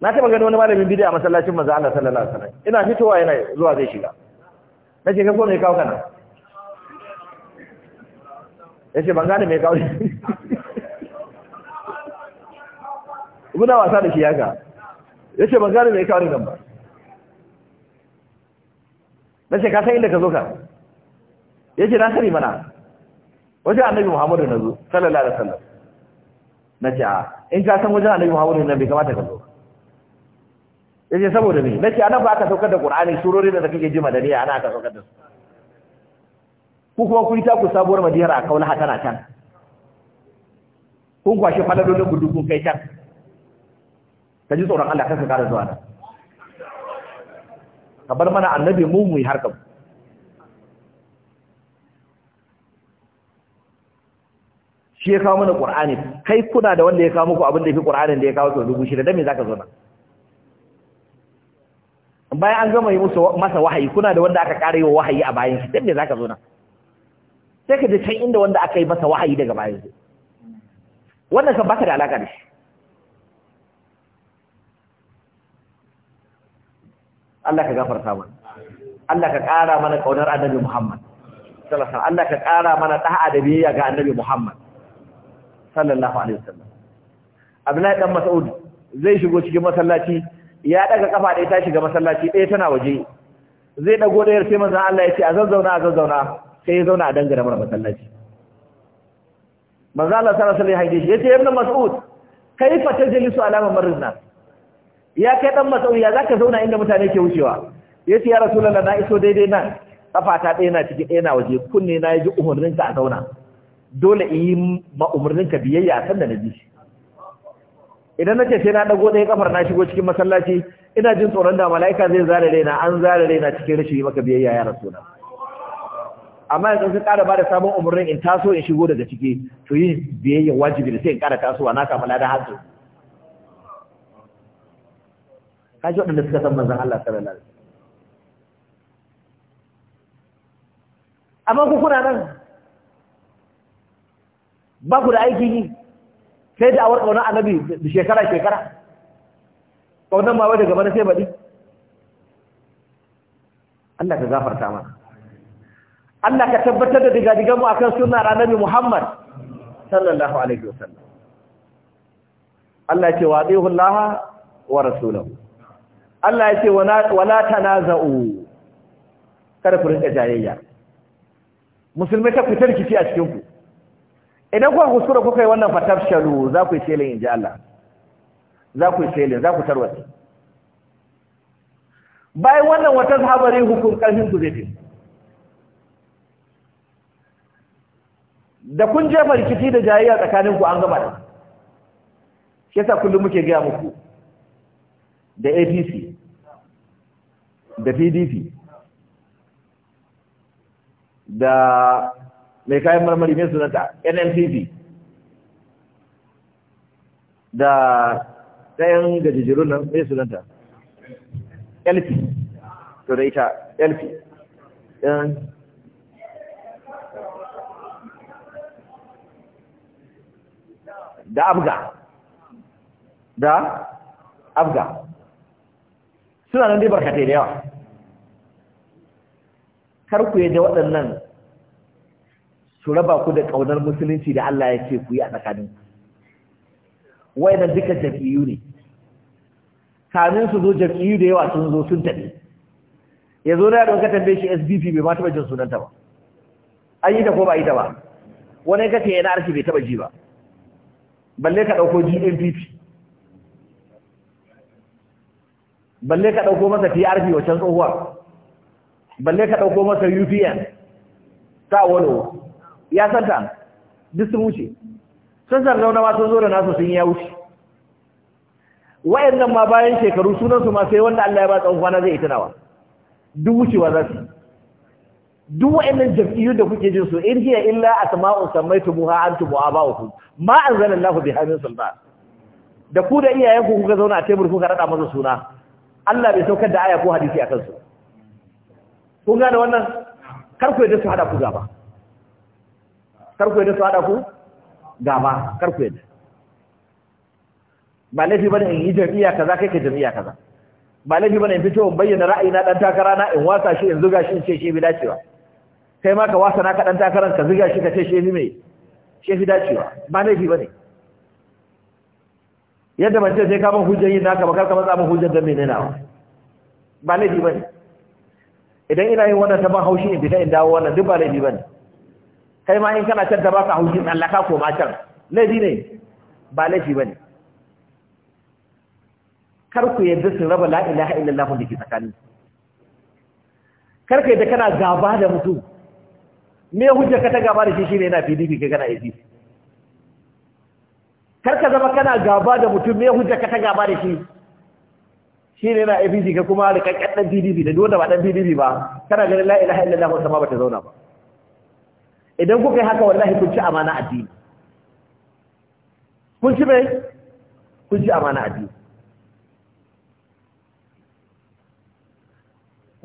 na taba gani wani malamin bid'a masallacin manzo Allah sallallahu alaihi wasallam ina fitowa yana zuwa zai shiga nake ga ko me kawo kana yace ban gane me kawo <laughs> muna wasa da shi yaka yace ban gane me kawo ne ba nace ka san inda ka zo ka yace na sani mana wajen annabi Muhammadu nazo sallallahu alaihi wasallam nace a in ka san wajen annabi Muhammadu nan bai kamata ka zo ba yaje saboda me nace anan ba aka saukar da Qur'ani surori da kake ji madani ana aka saukar da su ku kuma ku ta ku sabuwar madiyar a kaula hatana can kun kwashi faladon gudu kun kai can ka ji tsoron Allah kanka kada zuwa nan ka bar mana annabi mu mu yi harka. shi ya kawo mana Qur'ani kai kuna da wanda ya kawo muku abin da yafi Qur'anin da ya kawo to dubu shida dan me zaka zo nan bayan an gama yi musu masa wahayi kuna da wanda aka kare wa wahayi a bayan shi dan me zaka zo na. sai ka je can inda wanda aka yi masa wahayi daga bayan shi wannan kan baka da alaka da shi Allah ka gafarta mana Allah ka ƙara mana kaunar annabi Muhammad sallallahu alaihi wasallam Allah ka ƙara mana da'a da biyayya ga annabi Muhammad sallallahu alaihi wasallam Abdullahi dan Mas'ud zai shigo cikin masallaci ya daga kafa ɗaya ta shiga masallaci ɗaya tana waje zai dago ɗayar sai manzan Allah ya ce a zazzauna a zazzauna sai ya zauna a dangana mana masallaci manzan Allah sallallahu alaihi wasallam ya ce yace ibn mas'ud kaifa tajlisu ala mamarin nas ya kai dan mas'ud ya zaka zauna inda mutane ke wucewa ce ya rasulullah na iso daidai nan ta ɗaya na ciki ɗaya na waje kunne na ji umurninka a zauna dole in yi ma umurninka biyayya a sanda na ji shi. idan nace sai na dago ɗaya kafar na shigo cikin masallaci ina jin tsoron da mala'ika zai zare raina an zare raina cikin rashin maka biyayya ya rasuna amma yanzu sun ƙara da sabon umarnin in taso in shigo daga ciki to yin biyayya wajibi da sai in ƙara tasowa na kama ladan Ka ji waɗanda suka san manzan Allah sallallahu alaihi amma ku kuna nan ba ku da aikin yi sai da awar kaunar annabi da shekara shekara kaunar ma wai daga bana sai baɗi Allah ka zafarta mana Allah ka tabbatar da digadigan mu akan a annabi Muhammad sallallahu alaihi wasallam Allah ya ce wa adihu Allah wa rasulahu Allah ya ce wala tanaza'u na ku rinka ƙajayayya musulmai ta fitar kici a cikinku. idan kuka kuskura kuka yi wannan fatafshalu za ku yi selin inji Allah za ku yi selin za ku tarwata bayan wannan wata habari hukun karfin ku zai fi da kun jefa rikici da jayayya tsakanin ku an gama da shi yasa kullum muke gaya muku da APC da PDP da mai kayan marmari mai sunanta nnpp da ɗayan gajejirun nan mai sunanta lp to da ita lp ɗan da abga da abga suna nan dai barkatai da yawa kar ku yadda waɗannan su raba ku da ƙaunar musulunci da Allah ya ce ku yi a tsakanin nan duka jam'iyyu ne kamin su zo jam'iyyu da yawa sun zo sun tafi ya zo na ya ɗauka tambaye shi sdp bai ma taɓa jin sunanta ba an yi ta ko ba yi ta ba wani ka ce yana arki bai taɓa ji ba balle ka ɗauko gnpp balle ka ɗauko masa trp wacan tsohuwa balle ka ɗauko masa upn ta wani ya santa duk sun wuce sun sarrauna ma sun zo da nasu sun ya wuce wayannan ma bayan shekaru sunansu ma sai wanda Allah ya ba tsawon kwana zai yi tunawa duk wucewa za su duk wayannan jam'iyyu da kuke jin su in hiya illa asma'u sammaytumuha antum wa aba'ukum ma anzalallahu biha min sultan da ku da iyayenku kuka zauna a tebur kuka rada masa suna Allah bai saukar da aya ko hadisi akan su kun gane wannan kar ku yadda su hada ku gaba kar ku yadda su haɗa ku gaba kar ku yadda ba laifi ne in yi jami'a kaza kai ka jami'a kaza ba laifi ba ne in fito in bayyana ra'ayina ɗan takara na in wasa shi in zuga shi in ce shi fi dacewa kai ma ka wasa naka ɗan takaran ka zuga shi ka ce shi bi mai shi fi dacewa ba laifi ba ne. yadda mace sai ka ban hujjar yin naka ba kar ka matsa ban hujjar da menene nawa ba laifi ba ne. idan ina yin wannan ta ban haushi in fita in dawo wannan duk ba laifi ba ne. kai ma in kana can ta baka haushi tsallaka ko ma can laifi ne ba laifi bane kar ku yadda su raba la ilaha illallah da ke tsakani kar ka yadda kana gaba da mutum me hujja ka ta gaba da shi shine yana PDP kai kana APC kar ka zama kana gaba da mutum me hujja ka ta gaba da shi shine yana na ka kuma da kakkan dan pdp da duwanda ba dan pdp ba kana ganin la ilaha illallah wata ma bata zauna ba idan kuka yi haka wallahi kun ci amana addini kun ci mai kun ci amana addini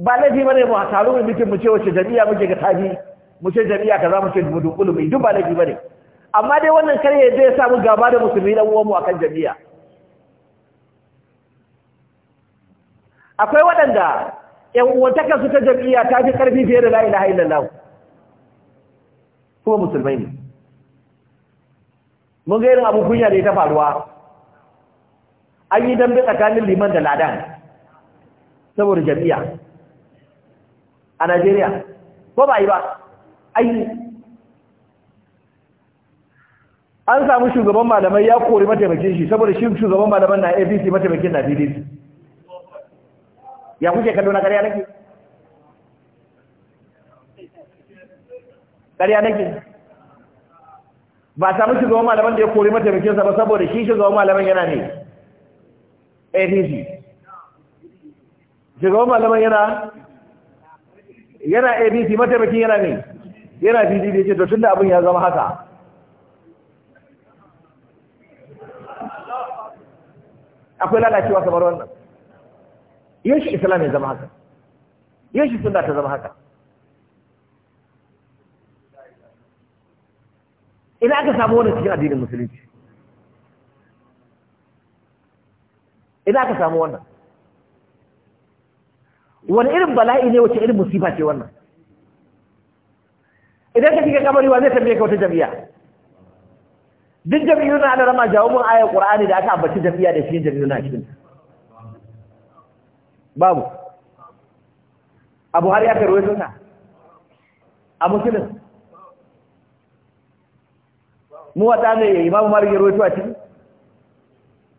ba laifi bane mu taro mu mutum mu ce wace jami'a muke ga tafi mu ce jami'a za mu ce mu dunkulu mai duk ba laifi bane amma dai wannan karye zai samu gaba da musulmi dan uwanmu akan jami'a akwai waɗanda ƴan uwantakarsu su ta jami'a ta fi ƙarfi fiye da la ilaha illallah kuma musulmai ne mun ga irin abu kunya da ya ta faruwa an yi dambe tsakanin liman da ladan saboda jami'a a Najeriya ko ba yi ba ayi an samu shugaban malamai ya kori mataimakin shi saboda shi shugaban malaman na APC mataimakin na BDC. ya kuke kallo na ƙarya nake ƙarya nake ba samu shugaban malaman da ya kori mataimakinsa ba saboda shi shugaban malaman yana ne apc shugaban malaman yana yana ADC mataimakin yana ne yana pdp ce to tunda abin ya zama haka akwai lalacewa kamar wannan shi islam ya zama haka sun da ta zama haka ina aka samu wannan cikin addinin musulunci ina aka samu wannan wani irin bala'i ne wace irin musifa ce wannan idan ka shiga kamar wa zai tambaye ka wata jami'a duk jami'u na da rama jawabin ayar qur'ani da aka ambaci jami'a da shi jami'u na cikin babu abu har ya karwaye suna a musulun mu wata ne imamu malik ya rawaito a ciki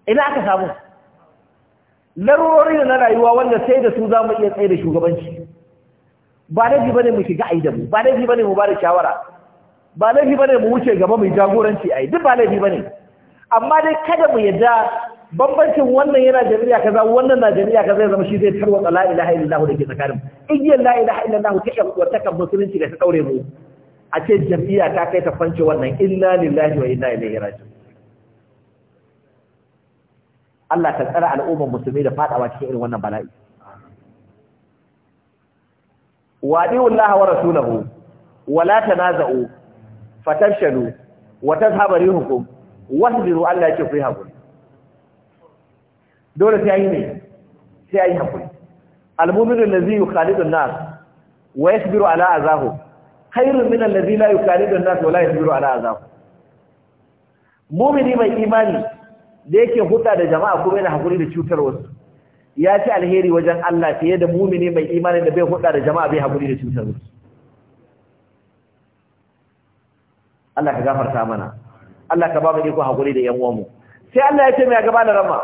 ina aka samu larurori na rayuwa wanda sai da su za mu iya tsaye da shugabanci ba laifi bane mu shiga yi da mu ba laifi bane mu ba da shawara ba laifi bane mu wuce gaba mu jagoranci yi duk ba laifi bane amma dai kada mu yadda bambancin wannan yana jami'a kaza wannan na jami'a kaza zama shi zai tarwatsa la illallah da ke tsakanin igiyar la illallah ta yan uwar ta kan musulunci da ta daure mu a ce jam'iyya ta kai ta fance wannan inna lillahi wa inna ilaihi raji'un Allah ta tsara al'ummar musulmi da fadawa cikin irin wannan bala'i wa diullahi wa rasulahu wa la tanaza'u fatashalu wa tazhaba rihukum wasbiru Allah yake ku yi hakuri dole sai yi ne sai yi hakuri al-mu'minu allazi yukhalidu an-nas wa yasbiru ala azahum khairun min allazi la yukalidu an-nas wa la yasbiru ala azab mu'mini mai imani da yake huta da jama'a kuma yana hakuri da cutar wasu ya ci alheri wajen Allah fiye da mu'mini mai imani da bai huta da jama'a bai hakuri da cutar wasu Allah ka gafarta mana Allah ka ba mu iko hakuri da yan mu sai Allah ya ce mai gaba da rama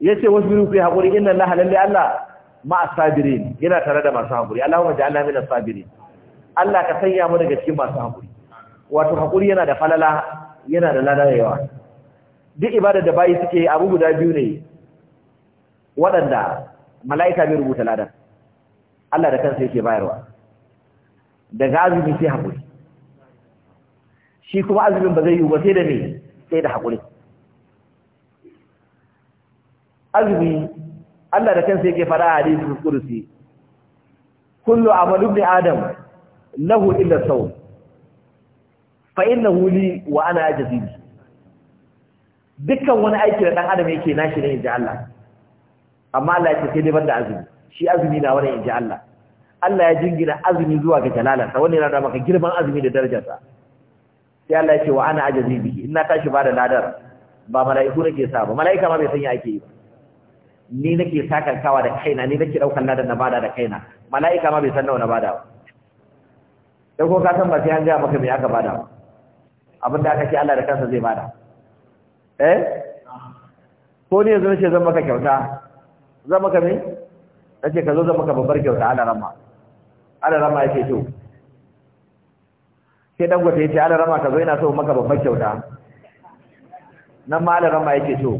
yace wasu fi hakuri inna Allah lalle Allah ma'a sabirin yana tare da masu haƙuri Allahumma ja'alna minas sabirin Allah ka sanya mu daga cikin masu haƙuri wato haƙuri yana da falala yana da lada yawa duk ibada da bayi suke abu guda biyu ne waɗanda mala'ika bai rubuta ladan Allah da kansa yake bayarwa daga azumi sai haƙuri shi kuma azumin ba zai yi ba sai da me sai da hakuri azumi Allah da kansa yake fara hadisi kursi kullu amalu ibn adam lahu illa saw fa innahu li wa ana ajzi dukkan wani aiki da dan adam yake nashi ne inji Allah amma Allah yake sai dai banda azumi shi azumi na wani inji Allah Allah ya jingina azumi zuwa ga jalalarsa wannan yana da maka girman azumi da darajarsa sai Allah ya ce wa ana ajzi bihi ina tashi ba da ladar ba mala'iku nake sa ba mala'ika ma bai sanya ake yi ba ni nake sakarkawa da kaina ni nake daukar ladan na bada da kaina mala'ika ma bai san nawa na bada ba sai ko ka san ba sai an ga maka me aka bada ba abin da aka ce Allah da kansa zai bada eh ko ne yanzu nace zan maka kyauta zan maka me nace ka zo zan maka babbar kyauta Allah rama Allah rama yake to sai dangote yace Allah rama ka zo ina so maka babbar kyauta nan ma ala rama yake to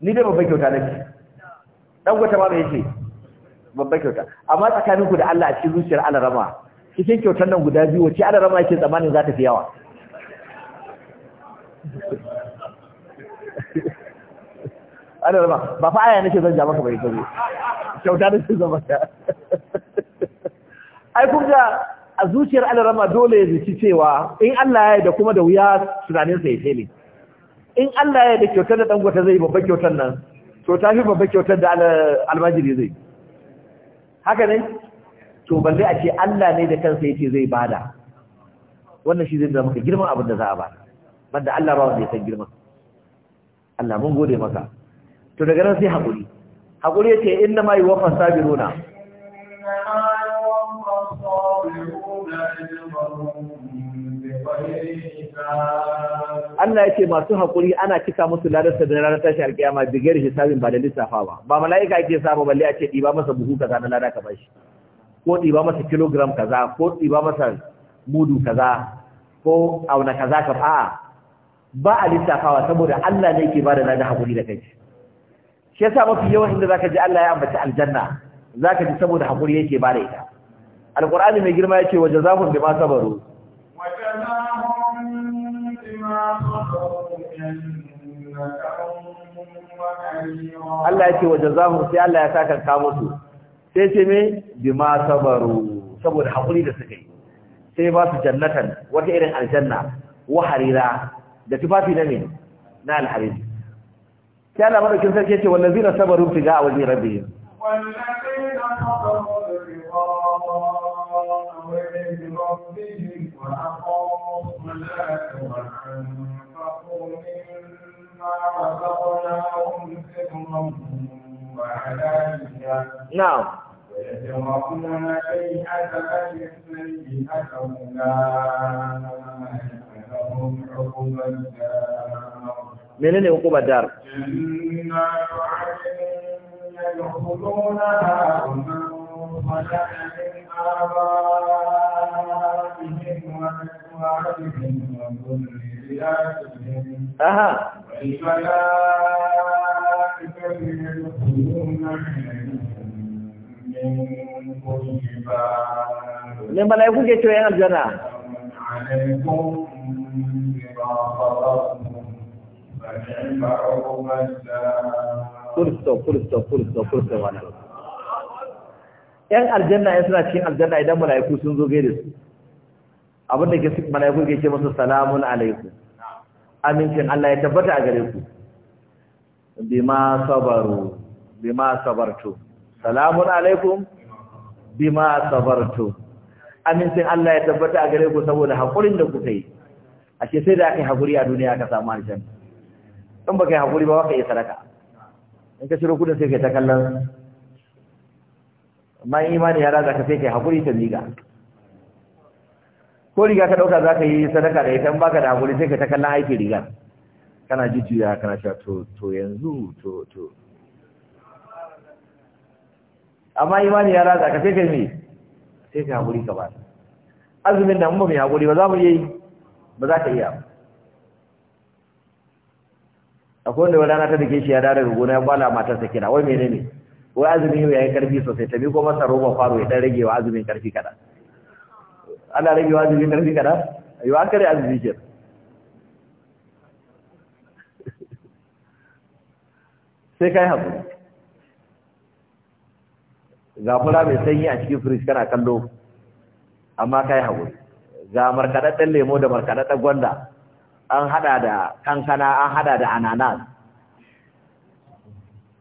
ni dai babban kyauta nake dan gwata ba yake babban kyauta amma tsakanin ku da Allah a cikin zuciyar alarama cikin kyautar nan guda biyu wace alarama yake tsamanin za ta fi yawa <laughs> alarama ba fa aya nake zan ja maka bai gari kyauta nake zan maka <laughs> ai kun ga a zuciyar alarama dole ya zuci cewa in Allah ya yi da kuma da wuya tunaninsa ya tele in Allah ya da kyautar da dangwata zai babba kyautar nan to ta fi babba kyautar da almajiri zai haka ne to ban zai a ce Allah ne da kansa yake zai bada wannan shi zai da maka girman abin da za a bada banda Allah ba wanda ya san girman Allah mun gode maka to daga nan sai hakuri hakuri yace inna ma yuwaffa sabiruna sabiruna ajrahum Allah ya ce masu haƙuri ana cika musu ladarsa da ranar tashi alƙiyama bigiyar hisabin ba da lissafa ba ba mala'ika ake samu balle a ce ɗiba masa buhu kaza na lada ka bashi ko ɗiba masa kilogram kaza ko ɗiba masa mudu kaza ko auna kaza ka fa'a ba a lissafawa saboda Allah ne ke bada da haƙuri da kai shi yasa mafi yawan inda zaka ji Allah ya ambaci aljanna zaka ji saboda haƙuri yake bada ita Alƙur'ani mai girma yake wa jazahum bima sabaru Allah ya ce za mu sai Allah ya saka ka musu sai sai me bima sabaru saboda hakuri da suka yi sai ba su jannatan wata irin aljanna wa harira da tufafi na me na alhariri sai Allah madaukin sarki yake ce zina sabaru fi ga wajen rabbi والذين صبروا لقاء ربهم وأقاموا الصلاة أعلامها نعم ويتوقون شيئة السيئة أولئك لهم عقب الدار منين عقب الدار؟ جنات عدن يدخلونها ومن خلق من آبائهم وأزواجهم وذرياتهم أها والملائكة ke Kursto, kursto, kursto, kursto ‘Yan aljanna suna cikin aljanna idan mala'iku sun zo gaida su, abinda ke ke ce masu salamun alaikum. amincin Allah ya tabbata a gare ku bima sabaru bima sabartu salamun alaikum bima sabartu amincin Allah ya tabbata a gare ku saboda hakurin da kuka yi ashe sai da aka yi hakuri a duniya aka samu aljan in baka yi hakuri ba waka yi sadaka in ka shiro kudin sai kai ta kallon man imani ya raza ka sai kai hakuri ta miga ko riga ka dauka zaka yi sadaka da ita in baka da hakuri sai ka ta kallon aiki riga kana jujjuya kana cewa to to yanzu to to amma imani ya ratsa ka sai kai me sai ka hakuri ka ba azumin da mun ba hakuri ba za mu yi ba za ka iya ba akwai wanda wani ta dake shi ya dawo daga gona ya matar matarsa kira wai menene wai azumin yau yayi karfi sosai ta bi ko masa roba faro ya dan rage wa azumin karfi kada ana rage wajibi da kada yi an kare a ke sai kai hakuri ga fura mai sanyi a cikin firij kana kallo amma kai hakuri ga markaɗaɗɗen lemo da markaɗaɗɗen gwanda an hada da kankana an hada da ananas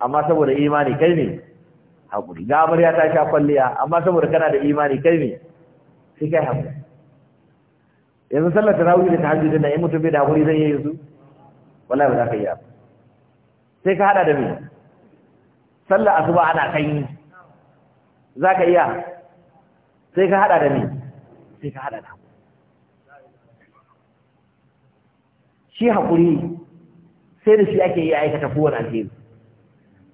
amma saboda imani kai ne hakuri ga ya ta sha kwalliya amma saboda kana da imani kai ne sai kai haƙuri yanzu sallar ta tarawih da hajji na in mutum bai da haƙuri zai yi yanzu? wallahi ba za ka yi ba sai ka hada da mai sallar asuba ana kan yi za ka iya sai ka hada da mai sai ka hada da shi haƙuri sai da shi ake yi aikata kowane alheri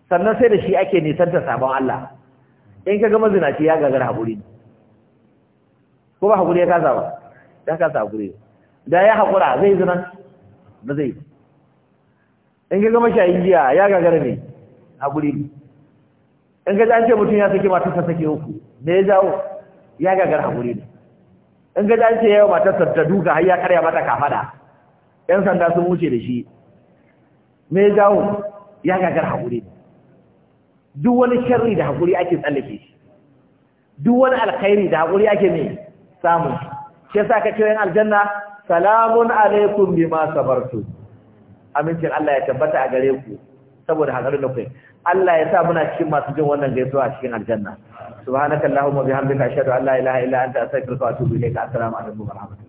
sannan sai da shi ake nisanta sabon Allah in ka gama zinaci ya gagara haƙuri ko ba hakuri ya kasa ba ya kasa hakuri da ya hakura zai zina ba zai in ka gama shayin jiya ya gagara ne hakuri ne in ga ji an ce mutum ya sake matarsa sake uku me ya jawo ya gagara hakuri ne in ga an ce wa matarsa ta duka har ya karya mata kafada yan sanda sun wuce da shi me ya jawo ya gagara hakuri ne duk wani sharri da hakuri ake tsallake shi duk wani alkhairi da hakuri ake ne samun shi yasa ka ce yan aljanna salamun alaikum bima sabartu amincin Allah ya tabbata a gare ku saboda hakarin da kai Allah ya sa muna cikin masu jin wannan gaisuwa a cikin aljanna subhanakallahumma bihamdika ashhadu an la ilaha illa anta astaghfiruka wa atubu ilayka assalamu alaikum wa rahmatullahi